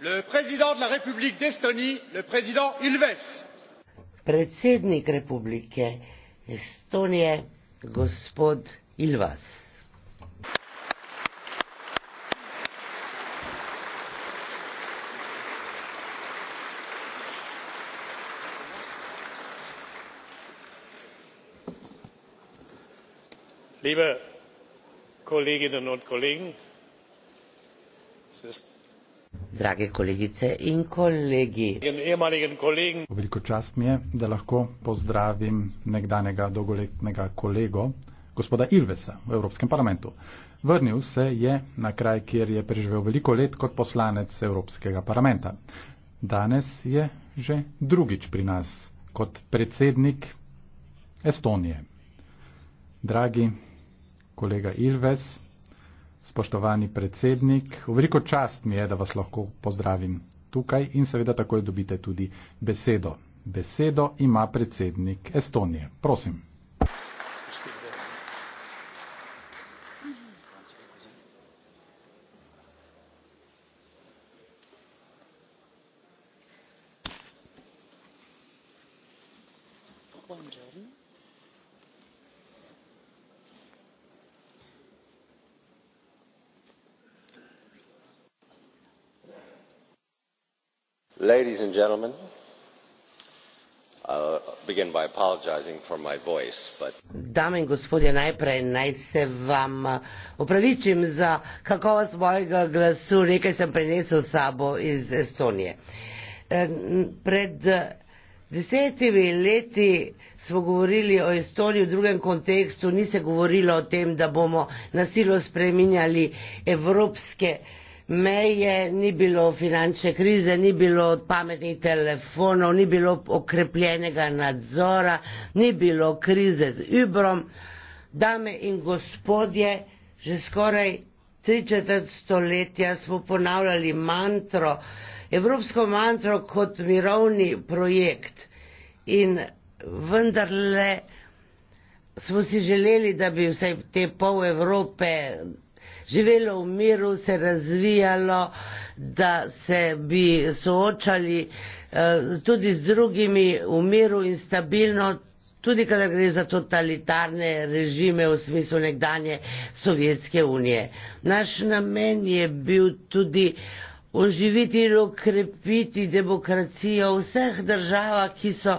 le président de la République d'Estonie, le président Ilves. Predsednik Republike Estonije, gospod Ilves. Liebe Kolleginnen und Kollegen, es ist drage kolegice in kolegi. Veliko čast mi je, da lahko pozdravim nekdanjega dolgoletnega kolego, gospoda Ilvesa v Evropskem parlamentu. Vrnil se je na kraj, kjer je preživel veliko let kot poslanec Evropskega parlamenta. Danes je že drugič pri nas kot predsednik Estonije. Dragi kolega Ilves, spoštovani predsednik. Veliko čast mi je, da vas lahko pozdravim tukaj in seveda takoj dobite tudi besedo. Besedo ima predsednik Estonije. Prosim. gentlemen. Dame in gospodje, najprej naj se vam eh, opravičim za kakovost mojega glasu, nekaj sem prinesel s sabo iz Estonije. Eh, pred eh, desetimi leti smo govorili o Estoniji v drugem kontekstu, ni se govorilo o tem, da bomo nasilo spreminjali evropske meje, ni bilo finančne krize, ni bilo pametnih telefonov, ni bilo okrepljenega nadzora, ni bilo krize z Ubrom. Dame in gospodje, že skoraj tri četrt stoletja smo ponavljali mantro, evropsko mantro kot mirovni projekt in vendarle smo si želeli, da bi vse te pol Evrope živelo v miru, se razvijalo, da se bi soočali eh, tudi z drugimi v miru in stabilno, tudi kadar gre za totalitarne režime v smislu nekdanje Sovjetske unije. Naš namen je bil tudi oživiti in okrepiti demokracijo v vseh državah, ki so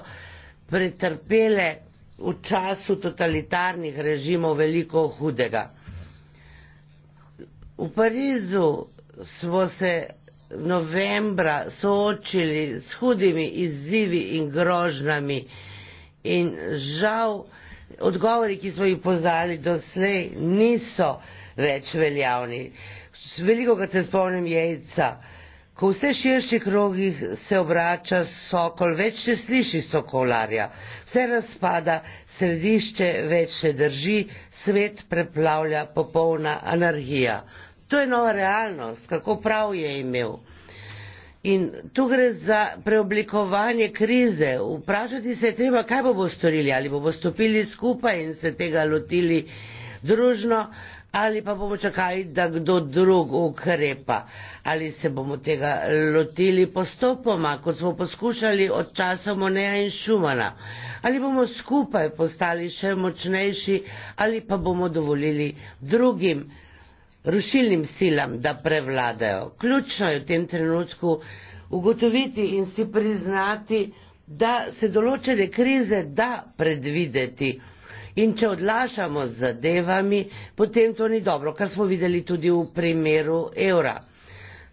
pretrpele v času totalitarnih režimov veliko hudega. V Parizu smo se novembra soočili s hudimi izzivi in grožnami in žal odgovori, ki smo jih poznali doslej, niso več veljavni. Veliko, kad se spomnim jajca, Ko v vse širših krogih se obrača sokol, več ne sliši sokolarja, vse razpada, središče več ne drži, svet preplavlja popolna anarhija. To je nova realnost, kako prav je imel. In tu gre za preoblikovanje krize. Vprašati se je treba, kaj bomo storili, ali bomo stopili skupaj in se tega lotili družno ali pa bomo čakali, da kdo drug ukrepa, ali se bomo tega lotili postopoma, kot smo poskušali od časa Moneja in Šumana, ali bomo skupaj postali še močnejši, ali pa bomo dovolili drugim rušilnim silam, da prevladajo. Ključno je v tem trenutku ugotoviti in si priznati, da se določene krize da predvideti. In če odlašamo z zadevami, potem to ni dobro, kar smo videli tudi v primeru evra.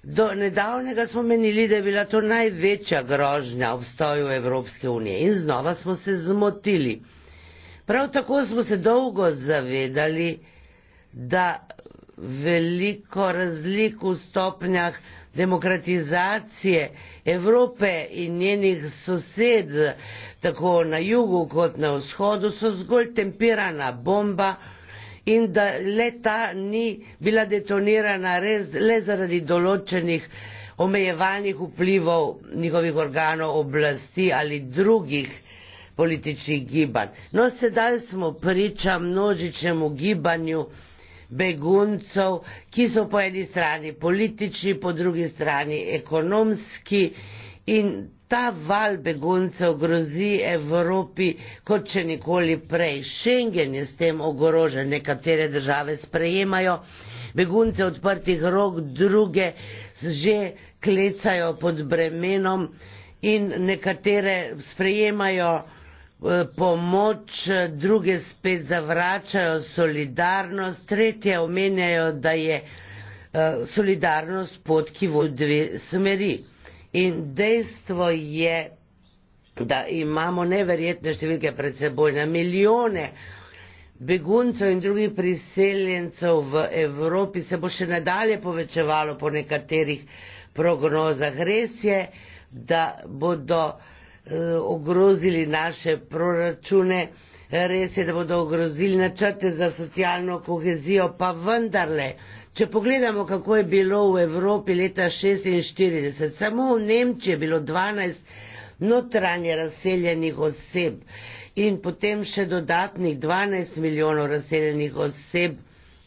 Do nedavnega smo menili, da je bila to največja grožnja obstoju Evropske unije in znova smo se zmotili. Prav tako smo se dolgo zavedali, da veliko razlik v stopnjah demokratizacije Evrope in njenih sosed, tako na jugu kot na vzhodu, so zgolj tempirana bomba in da leta ni bila detonirana res le zaradi določenih omejevalnih vplivov njihovih organov oblasti ali drugih političnih gibanj. No, sedaj smo priča množičnemu gibanju beguncev, ki so po eni strani politični, po drugi strani ekonomski in ta val beguncev grozi Evropi kot če nikoli prej. Schengen je s tem ogrožen, nekatere države sprejemajo begunce odprtih rok, druge že klecajo pod bremenom in nekatere sprejemajo Eh, pomoč, eh, druge spet zavračajo solidarnost, tretje omenjajo, da je eh, solidarnost pot, ki vodi v dve smeri. In dejstvo je, da imamo neverjetne številke pred seboj na milijone beguncev in drugih priseljencev v Evropi se bo še nadalje povečevalo po nekaterih prognozah. Res je, da bodo uh, Eh, ogrozili naše proračune, res je, da bodo ogrozili načrte za socialno kohezijo, pa vendarle, če pogledamo, kako je bilo v Evropi leta 1946, samo v Nemčiji je bilo 12 notranje razseljenih oseb in potem še dodatnih 12 milijonov razseljenih oseb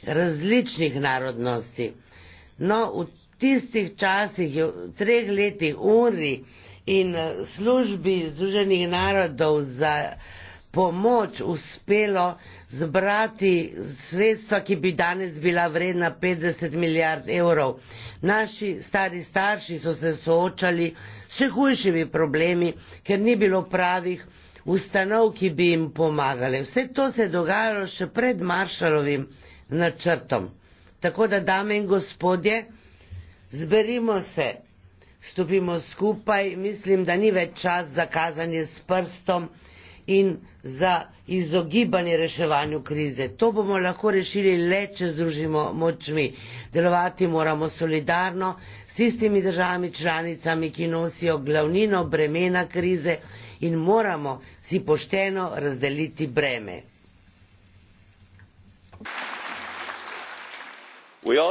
različnih narodnosti. No, v tistih časih, v treh letih, urih, in eh, službi Združenih narodov za pomoč uspelo zbrati sredstva, ki bi danes bila vredna 50 milijard evrov. Naši stari starši so se soočali s še hujšimi problemi, ker ni bilo pravih ustanov, ki bi jim pomagale. Vse to se je dogajalo še pred maršalovim načrtom. Tako da, dame in gospodje, zberimo se stopimo skupaj, mislim, da ni več čas za kazanje s prstom in za izogibanje reševanju krize. To bomo lahko rešili le, če združimo močmi. Delovati moramo solidarno s tistimi državami članicami, ki nosijo glavnino bremena krize in moramo si pošteno razdeliti breme. E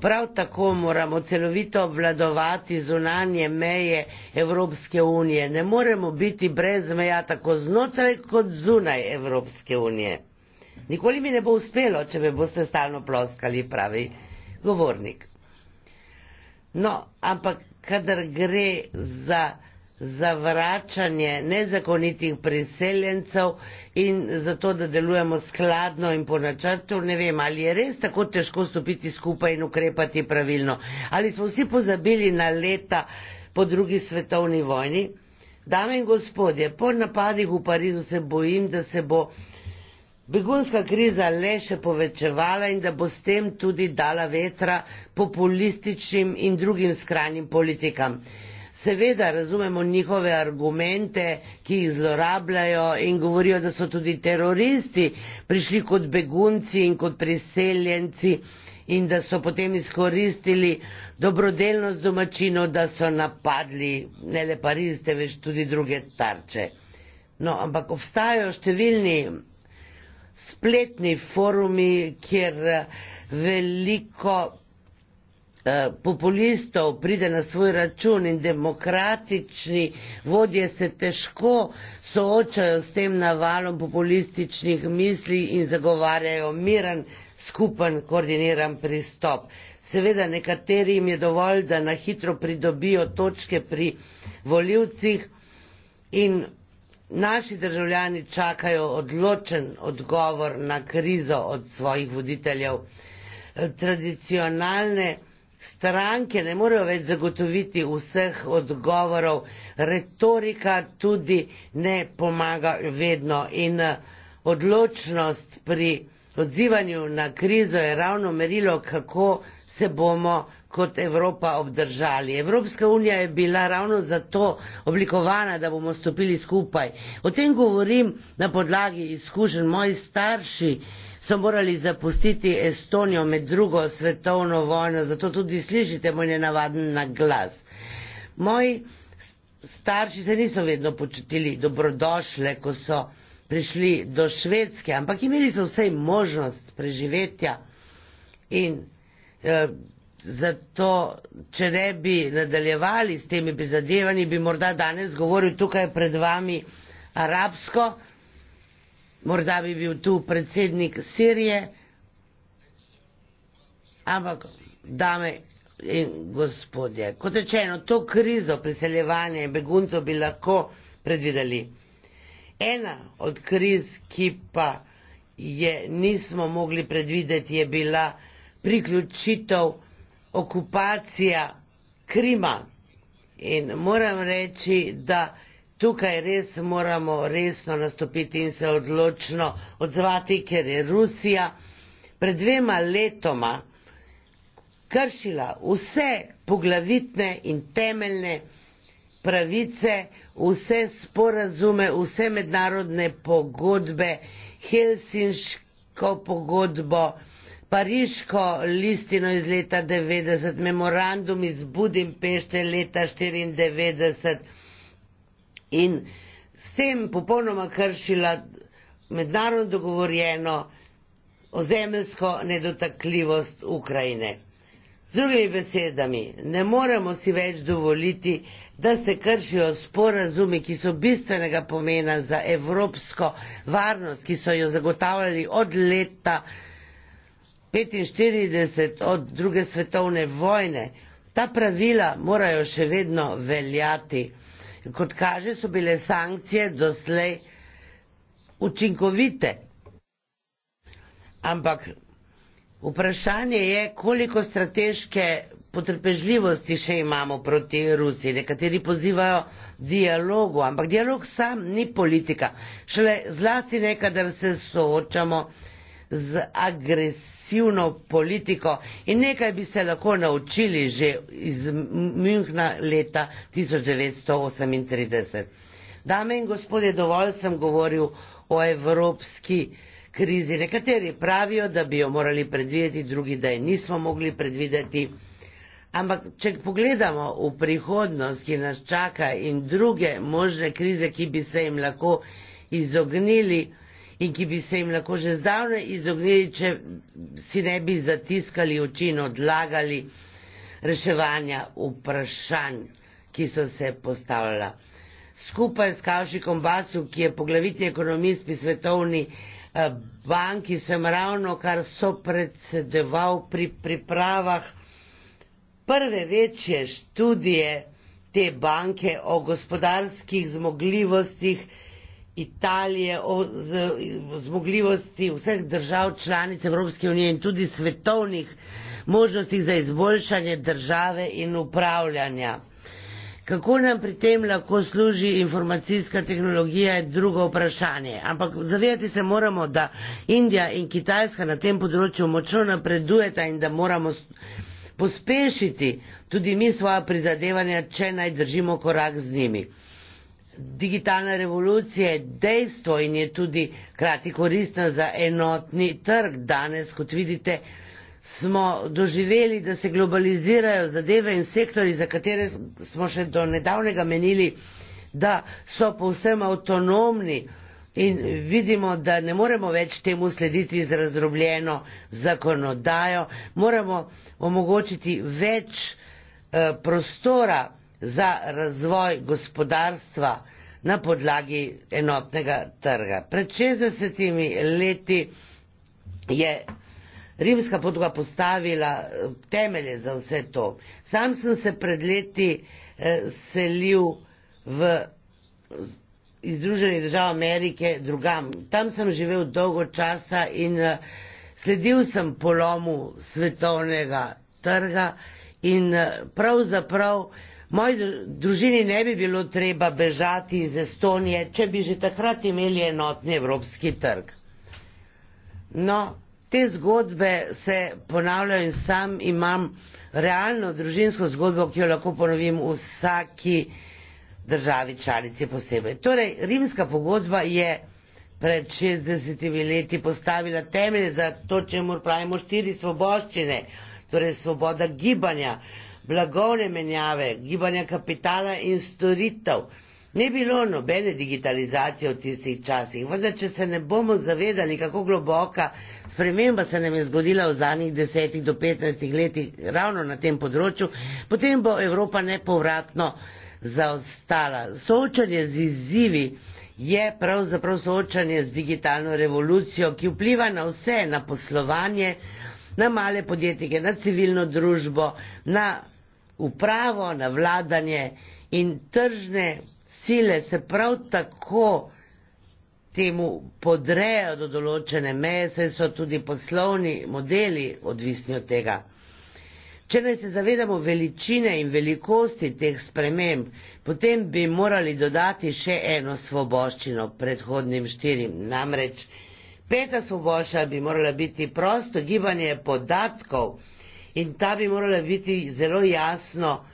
prav tako moramo celovito obvladovati zunanje meje evropske unije ne moremo biti brez meja tako znotraj kot zunaj evropske unije nikoli mi ne bo uspelo če me boste stalno ploskali pravi govornik no ampak kadar gre za zavračanje nezakonitih priseljencev in zato, da delujemo skladno in po načrtu. Ne vem, ali je res tako težko stopiti skupaj in ukrepati pravilno. Ali smo vsi pozabili na leta po drugi svetovni vojni? Dame in gospodje, po napadih v Parizu se bojim, da se bo begunska kriza le še povečevala in da bo s tem tudi dala vetra populističnim in drugim skrajnim politikam. Seveda razumemo njihove argumente, ki jih zlorabljajo in govorijo, da so tudi teroristi prišli kot begunci in kot priseljenci in da so potem izkoristili dobrodelnost domačino, da so napadli ne le Pariz, temveč tudi druge tarče. No, ampak obstajajo številni spletni forumi, kjer veliko Eh, populistov pride na svoj račun in demokratični vodje se težko soočajo s tem navalom populističnih misli in zagovarjajo miren, skupen, koordiniran pristop. Seveda nekaterim je dovolj, da na hitro pridobijo točke pri voljivcih in naši državljani čakajo odločen odgovor na krizo od svojih voditeljev. Eh, tradicionalne stranke ne morejo več zagotoviti vseh odgovorov, retorika tudi ne pomaga vedno in eh, odločnost pri odzivanju na krizo je ravno merilo, kako se bomo kot Evropa obdržali. Evropska unija je bila ravno zato oblikovana, da bomo stopili skupaj. O tem govorim na podlagi izkušenj mojih starših, so morali zapustiti Estonijo med drugo svetovno vojno, zato tudi slišite moj nenavaden naglas. Moji starši se niso vedno počutili dobrodošle, ko so prišli do Švedske, ampak imeli so vsej možnost preživetja in eh, zato, če ne bi nadaljevali s temi prizadevanji, bi morda danes govoril tukaj pred vami arabsko morda bi bil tu predsednik Sirije, ampak dame in gospodje, kot rečeno, to krizo priseljevanja beguncev bi lahko predvideli. Ena od kriz, ki pa je nismo mogli predvideti, je bila priključitev okupacija Krima. In moram reči, da tukaj res moramo resno nastopiti in se odločno odzvati, ker je Rusija pred dvema letoma kršila vse poglavitne in temeljne pravice, vse sporazume, vse mednarodne pogodbe, Helsinško pogodbo, Pariško listino iz leta 90, memorandum iz Budimpešte leta 94, in s tem popolnoma kršila mednarodno dogovorjeno ozemelsko nedotakljivost Ukrajine. Z drugimi besedami, ne moremo si več dovoliti, da se kršijo sporazumi, ki so bistvenega pomena za evropsko varnost, ki so jo zagotavljali od leta 1945, od druge svetovne vojne. Ta pravila morajo še vedno veljati. Kot kaže, so bile sankcije doslej učinkovite. Ampak vprašanje je, koliko strateške potrpežljivosti še imamo proti Rusiji. Nekateri pozivajo dialogu, ampak dialog sam ni politika. Šele zlasti nekaj, da se soočamo z agresivno politiko in nekaj bi se lahko naučili že iz Münchna leta 1938. Dame in gospodje, dovolj sem govoril o evropski krizi. Nekateri pravijo, da bi jo morali predvideti, drugi, da je nismo mogli predvideti. Ampak, če pogledamo v prihodnost, ki nas čaka in druge možne krize, ki bi se jim lahko izognili, in ki bi se jim lahko že zdavnaj izogneli, če si ne bi zatiskali oči in odlagali reševanja vprašanj, ki so se postavljala. Skupaj s Kavšikom Basu, ki je poglavitni ekonomist pri svetovni eh, banki, sem ravno kar so predsedoval pri pripravah prve večje študije te banke o gospodarskih zmogljivostih, Italije, o zmogljivosti vseh držav članic Evropske unije in tudi svetovnih možnostih za izboljšanje države in upravljanja. Kako nam pri tem lahko služi informacijska tehnologija, je drugo vprašanje. Ampak zavedati se moramo, da Indija in Kitajska na tem področju močno napredujeta in da moramo pospešiti tudi mi svoje prizadevanja, če naj držimo korak z njimi digitalna revolucija je dejstvo in je tudi krati koristna za enotni trg. Danes, kot vidite, smo doživeli, da se globalizirajo zadeve in sektori, za katere smo še do nedavnega menili, da so povsem avtonomni in vidimo, da ne moremo več temu slediti z razdrobljeno zakonodajo, moramo omogočiti več eh, prostora za razvoj gospodarstva na podlagi enotnega trga. Pred 60 leti je rimska podloga postavila eh, temelje za vse to. Sam sem se pred leti eh, selil v iz Združenih držav Amerike drugam. Tam sem živel dolgo časa in eh, sledil sem polomu svetovnega trga in pravzaprav prav Moji družini ne bi bilo treba bežati iz Estonije, če bi že takrat imeli enotni evropski trg. No, te zgodbe se ponavljajo in sam imam realno družinsko zgodbo, ki jo lahko ponovim v vsaki državi članici posebej. Torej, rimska pogodba je pred 60 leti postavila temelje za to, čemu pravimo štiri svoboščine, torej svoboda gibanja, blagovne menjave, gibanja kapitala in storitev. Ni bilo nobene digitalizacije v tistih časih, vendar če se ne bomo zavedali, kako globoka sprememba se nam je zgodila v zadnjih desetih do petnajstih letih ravno na tem področju, potem bo Evropa nepovratno zaostala. Soočanje z izzivi je pravzaprav soočanje z digitalno revolucijo, ki vpliva na vse, na poslovanje, na male podjetnike, na civilno družbo, na upravo, na vladanje in tržne sile se prav tako temu podrejo do določene meje, saj so tudi poslovni modeli odvisni od tega. Če ne se zavedamo veličine in velikosti teh sprememb, potem bi morali dodati še eno svoboščino predhodnim štirim. Namreč peta svoboščina bi morala biti prosto gibanje podatkov, in ta bi morala biti zelo jasno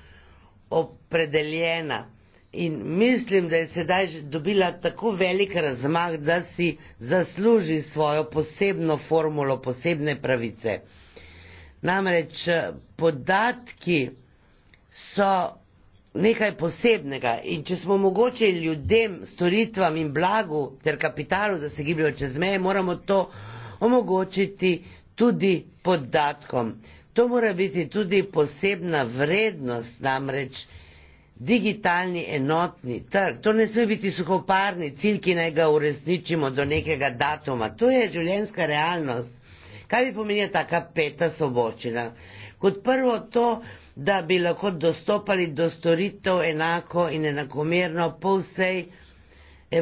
opredeljena. In mislim, da je sedaj dobila tako velik razmah, da si zasluži svojo posebno formulo, posebne pravice. Namreč eh, podatki so nekaj posebnega in če smo mogoče ljudem, storitvam in blagu ter kapitalu, da se gibljajo čez meje, moramo to omogočiti tudi podatkom. To mora biti tudi posebna vrednost, namreč digitalni enotni trg. To ne sme biti suhoparni cilj, ki naj ga uresničimo do nekega datuma. To je življenjska realnost. Kaj bi pomenila taka peta svoboščina? Kot prvo to, da bi lahko dostopali do storitev enako in enakomerno po vsej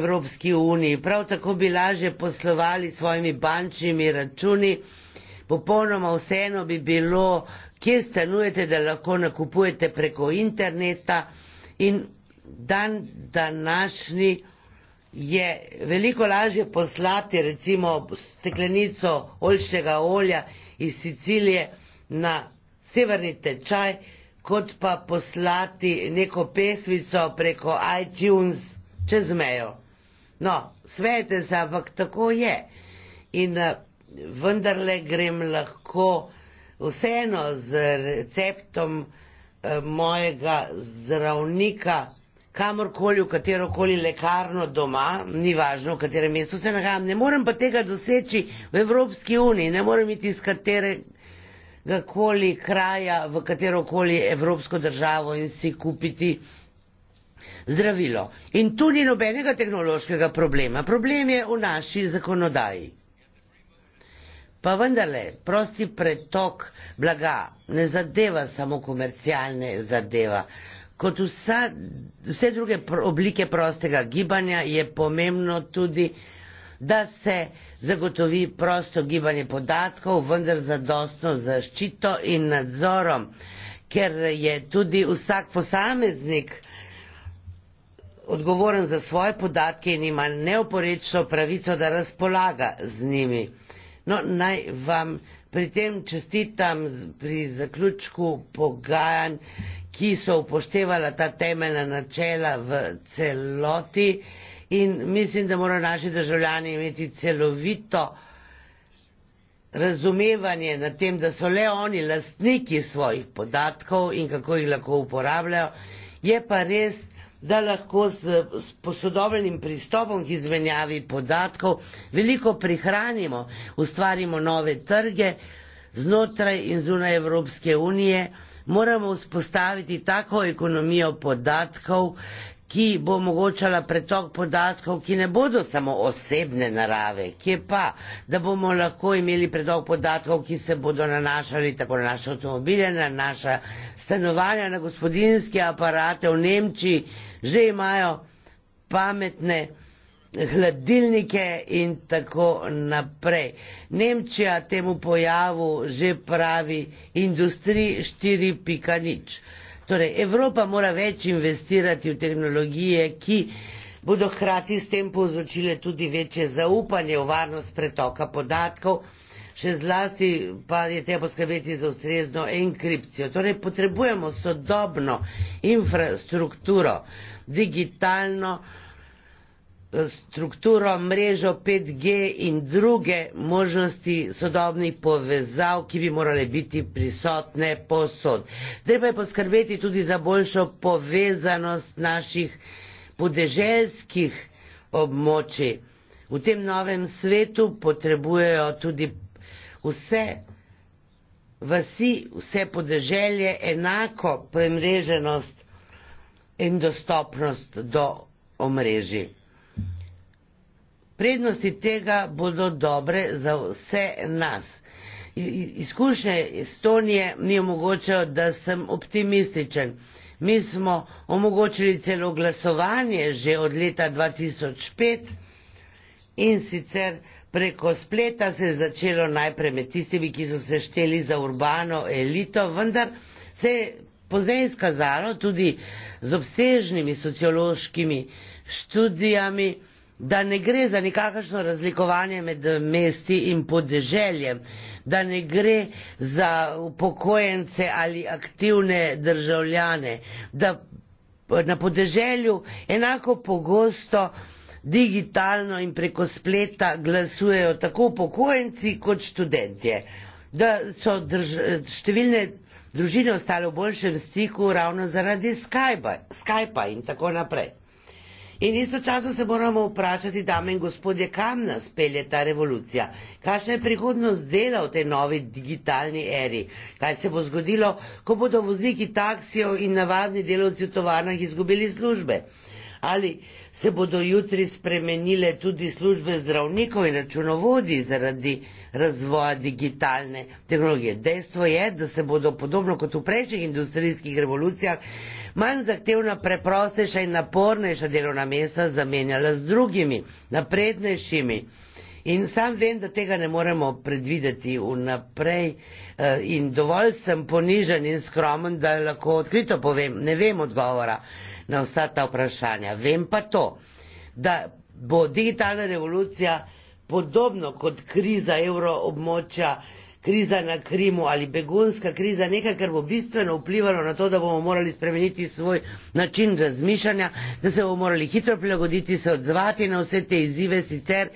Evropski uniji. Prav tako bi lažje poslovali s svojimi bančnimi računi popolnoma vseeno bi bilo, kje stanujete, da lahko nakupujete preko interneta in dan današnji je veliko lažje poslati recimo steklenico oljčnega olja iz Sicilije na severni tečaj, kot pa poslati neko pesmico preko iTunes čez mejo. No, svete se, ampak tako je. In eh, vendarle grem lahko vseeno z receptom eh, mojega zdravnika, kamorkoli, v katerokoli lekarno doma, ni važno, v katerem mestu se nahajam, ne morem pa tega doseči v Evropski uniji, ne morem iti iz katerega koli kraja v katerokoli evropsko državo in si kupiti zdravilo. In tu ni nobenega tehnološkega problema, problem je v naši zakonodaji. Pa vendarle, prosti pretok blaga ne zadeva samo komercialne zadeva. Kot vsa, vse druge pr oblike prostega gibanja je pomembno tudi, da se zagotovi prosto gibanje podatkov, vendar zadostno zaščito in nadzorom, ker je tudi vsak posameznik odgovoren za svoje podatke in ima neoporečno pravico, da razpolaga z njimi. No, naj vam pri tem čestitam pri zaključku pogajanj, ki so upoštevala ta temeljna načela v celoti in mislim, da morajo naši državljani imeti celovito razumevanje na tem, da so le oni lastniki svojih podatkov in kako jih lahko uporabljajo, je pa res, da lahko s posodobljenim pristopom k izmenjavi podatkov veliko prihranimo, ustvarimo nove trge znotraj in zunaj Evropske unije, moramo vzpostaviti tako ekonomijo podatkov, ki bo omogočala pretok podatkov, ki ne bodo samo osebne narave, ki pa, da bomo lahko imeli pretok podatkov, ki se bodo nanašali tako na naše avtomobile, na naša stanovanja, na gospodinske aparate v Nemčiji, že imajo pametne hladilnike in tako naprej. Nemčija temu pojavu že pravi industrij 4.0. Torej, Evropa mora več investirati v tehnologije, ki bodo hkrati s tem povzročile tudi večje zaupanje v varnost pretoka podatkov, še zlasti pa je treba poskrbeti za ustrezno enkripcijo. Torej, potrebujemo sodobno infrastrukturo, digitalno infrastrukturo, strukturo, mrežo 5G in druge možnosti sodobnih povezav, ki bi morale biti prisotne posod. Treba je poskrbeti tudi za boljšo povezanost naših podeželskih območij. V tem novem svetu potrebujejo tudi vse vasi, vse podeželje enako premreženost in dostopnost do omrežij. Prednosti tega bodo dobre za vse nas. Izkušnje Estonije mi omogočajo, da sem optimističen. Mi smo omogočili celo glasovanje že od leta 2005 in sicer preko spleta se je začelo najprej med tistimi, ki so se šteli za urbano elito, vendar se je pozneje izkazalo tudi z obsežnimi sociološkimi študijami, da ne gre za nikakršno razlikovanje med mesti in podeželjem, da ne gre za upokojence ali aktivne državljane, da na podeželju enako pogosto digitalno in preko spleta glasujejo tako upokojenci kot študentje, da so drž številne družine ostale v boljšem stiku ravno zaradi Skypa, Skypa in tako naprej. In istočasno se moramo vprašati, dame in gospodje, kam nas pelje ta revolucija, kakšna je prihodnost dela v tej novi digitalni eri, kaj se bo zgodilo, ko bodo vozniki taksijo in navadni delovci v tovarnah izgubili službe. Ali se bodo jutri spremenile tudi službe zdravnikov in računovodi zaradi razvoja digitalne tehnologije. Dejstvo je, da se bodo podobno kot v prejšnjih industrijskih revolucijah manj zahtevna, preprostejša in napornejša delovna mesta zamenjala z drugimi, naprednejšimi. In sam vem, da tega ne moremo predvideti vnaprej eh, in dovolj sem ponižen in skromen, da lahko odkrito povem, ne vem odgovora na vsa ta vprašanja. Vem pa to, da bo digitalna revolucija podobno kot kriza evroobmočja kriza na Krimu ali begunska kriza nekaj, kar bo bistveno vplivalo na to, da bomo morali spremeniti svoj način razmišljanja, da se bomo morali hitro prilagoditi, se odzvati na vse te izzive, sicer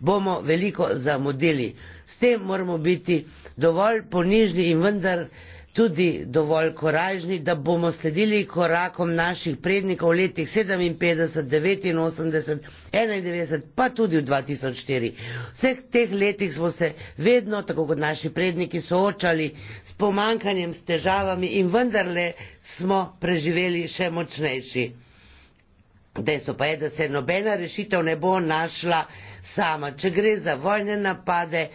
bomo veliko zamudili. S tem moramo biti dovolj ponižni in vendar tudi dovolj koražni, da bomo sledili korakom naših prednikov v letih 57, 89, 91, pa tudi v 2004. Vseh teh letih smo se vedno, tako kot naši predniki, soočali s pomankanjem, s težavami in vendarle smo preživeli še močnejši. Dejstvo pa je, da se nobena rešitev ne bo našla sama. Če gre za vojne napade,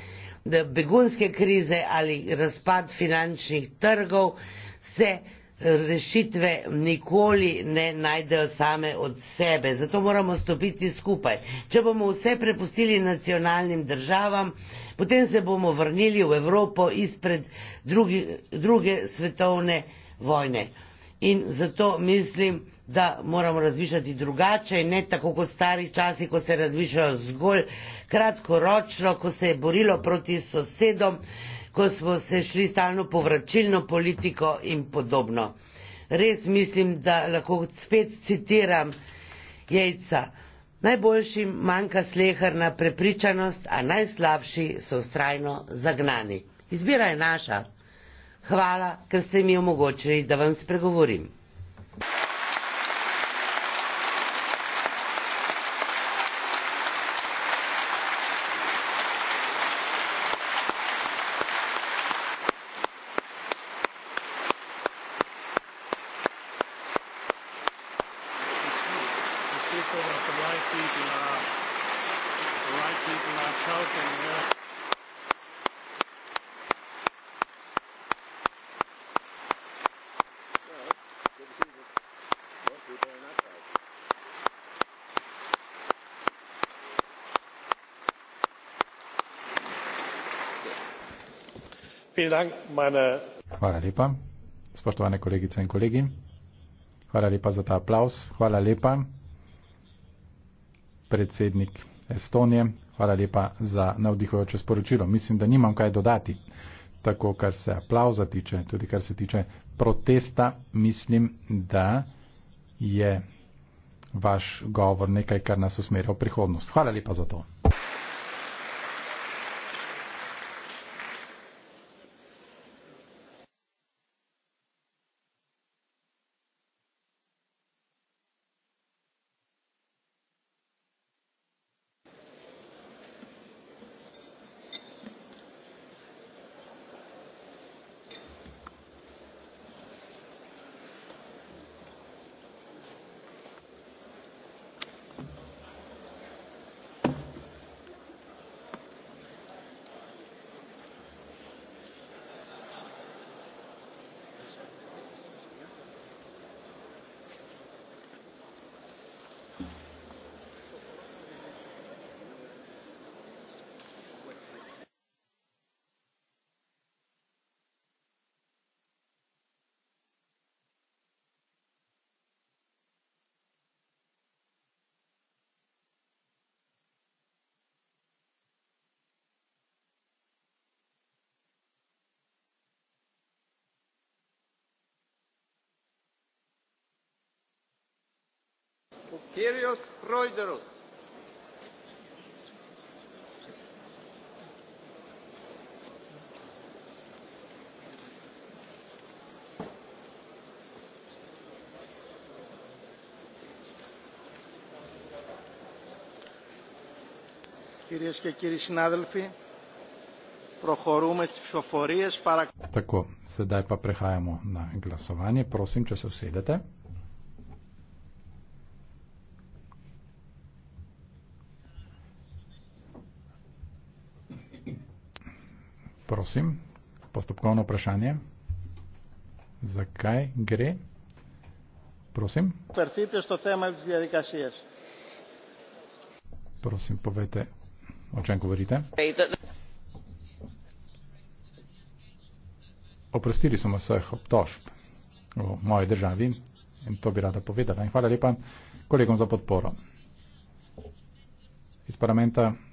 begunske krize ali razpad finančnih trgov, se rešitve nikoli ne najdejo same od sebe. Zato moramo stopiti skupaj. Če bomo vse prepustili nacionalnim državam, potem se bomo vrnili v Evropo izpred drugi, druge svetovne vojne. In zato mislim, da moramo razmišljati drugače in ne tako kot stari časi, ko se je razmišljalo zgolj kratkoročno, ko se je borilo proti sosedom, ko smo se šli stalno povračilno politiko in podobno. Res mislim, da lahko spet citiram jajca. Najboljšim manjka sleherna prepričanost, a najslabši so strajno zagnani. Izbira je naša. Hvala, ker ste mi omogočili, da vam spregovorim. Thank you. Hvala lepa. Spoštovane kolegice in kolegi, hvala lepa za ta aplaus. Hvala lepa, predsednik Estonije, hvala lepa za navdihujoče sporočilo. Mislim, da nimam kaj dodati. Tako, kar se aplauza tiče, tudi kar se tiče protesta, mislim, da je vaš govor nekaj, kar nas usmerja v prihodnost. Hvala lepa za to. Kyrios Proideros. Κυρίες και κύριοι συνάδελφοι, προχωρούμε στις ψηφοφορίες παρακολουθούμε. Τακό, σε δάει παπρεχάιμο να γλασοβάνει. Πρόσιμ και σε ουσίδετε. prosim, postopkovno vprašanje. Zakaj gre? Prosim. Prosite, što tema je zdaj, kaj si ješ. Prosim, povete, o čem govorite. Oprostili smo vseh obtožb v moji državi in to bi rada povedala. In hvala lepa kolegom za podporo. Iz parlamenta